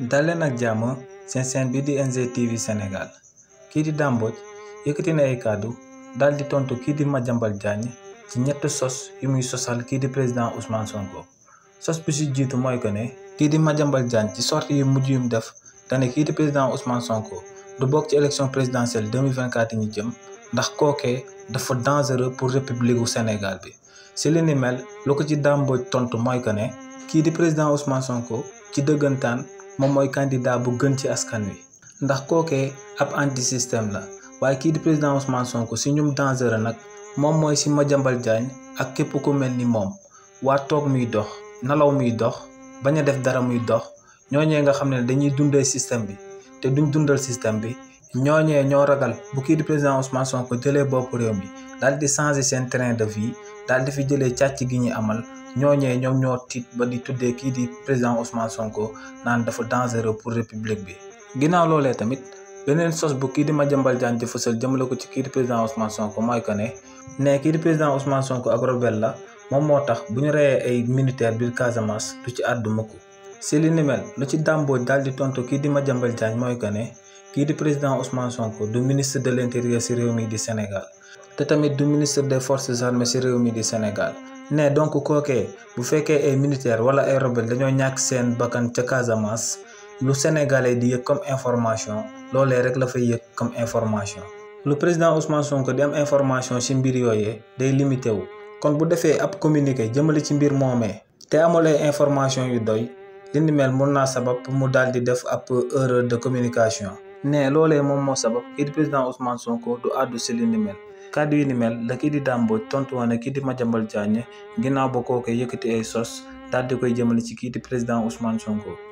daleen ak jàmm seen seen bi di NGTV Sénégal kii di Dame Mbodj yëkkati na ay kàddu daal di tontu kii di Madiambal Diagne ci ñett sos yu muy sosal kii di président Ousmane Sonko sos bi si jiitu mooy que ne kii di Madiambal Diagne ci sortie yu mujj yum def dane kii di président usman Sonko du bokk ci élection présidentielle 2024 yi ñu jëm ndax kookee dafa dangereux pour république wu Sénégal bi si li ni mel lu ko ci Dame tontu mooy que ne kii di président Ousmane Sonko ci dëggantaan moom mooy candidat bu gën ci askan wi ndax kookee ab anti système la waaye kii di président Ousmane Sonko si ñum dangereux nag moom mooy si ma jambal Diagne ak képp ku mel ni moom waa toog muy dox nalaw muy dox bañ a def dara muy dox ñooñee nga xam ne dañuy dundee système bi te duñ dundal système bi ñooñee ñoo ragal bu kii di président Ousmane Sonko jëlee bopp réew mi daal di changer seen train de vie daal di fi jëlee càcc gi ñuy amal ñooñee ñoom ñoo tiit ba di tuddee kii di président Ousmane Sonko naan dafa dangereux pour république bi. ginnaaw loolee tamit beneen sos bu kii di ma Madiambal Diagne di fësal jëmale ko ci kii di président Ousmane Sonko mooy que ne ne kii di président Ousmane Sonko ak la moom moo tax bu ñu reyee ay militaire biir Casamance du ci àddu mukk si li ni lu ci dàmbooj daal di tontu kii di Madiambal Diagne mooy que ne kii di président Ousmane Sonko du ministre de l' intérieur si réew mi di Sénégal. tamit du ministre des force armées ci réew mi di Sénégal ne donc kookee bu fekkee ay militaire wala ay rebelle dañoo ñàkk seen bakkan ca Casamance lu sénégalais di yëg comme information loolee rek la fay yëg comme information lu président Ousmane Sonko di am information ci mbir yooyee day limité wu kon bu defee ab communiqué jëmale ci mbir moomee te amulee information yu doy li ni mel mun naa sabab mu daal di def ab erreur de communication ne loolee moom moo sabab kàddu yi ni mel la kii di Dame Mbodj tontu na kii di Madiambal Diagne ginnaaw ba kookee yëkkati ay sos daal di koy jëmale ci kii di président Ousmane Sonko.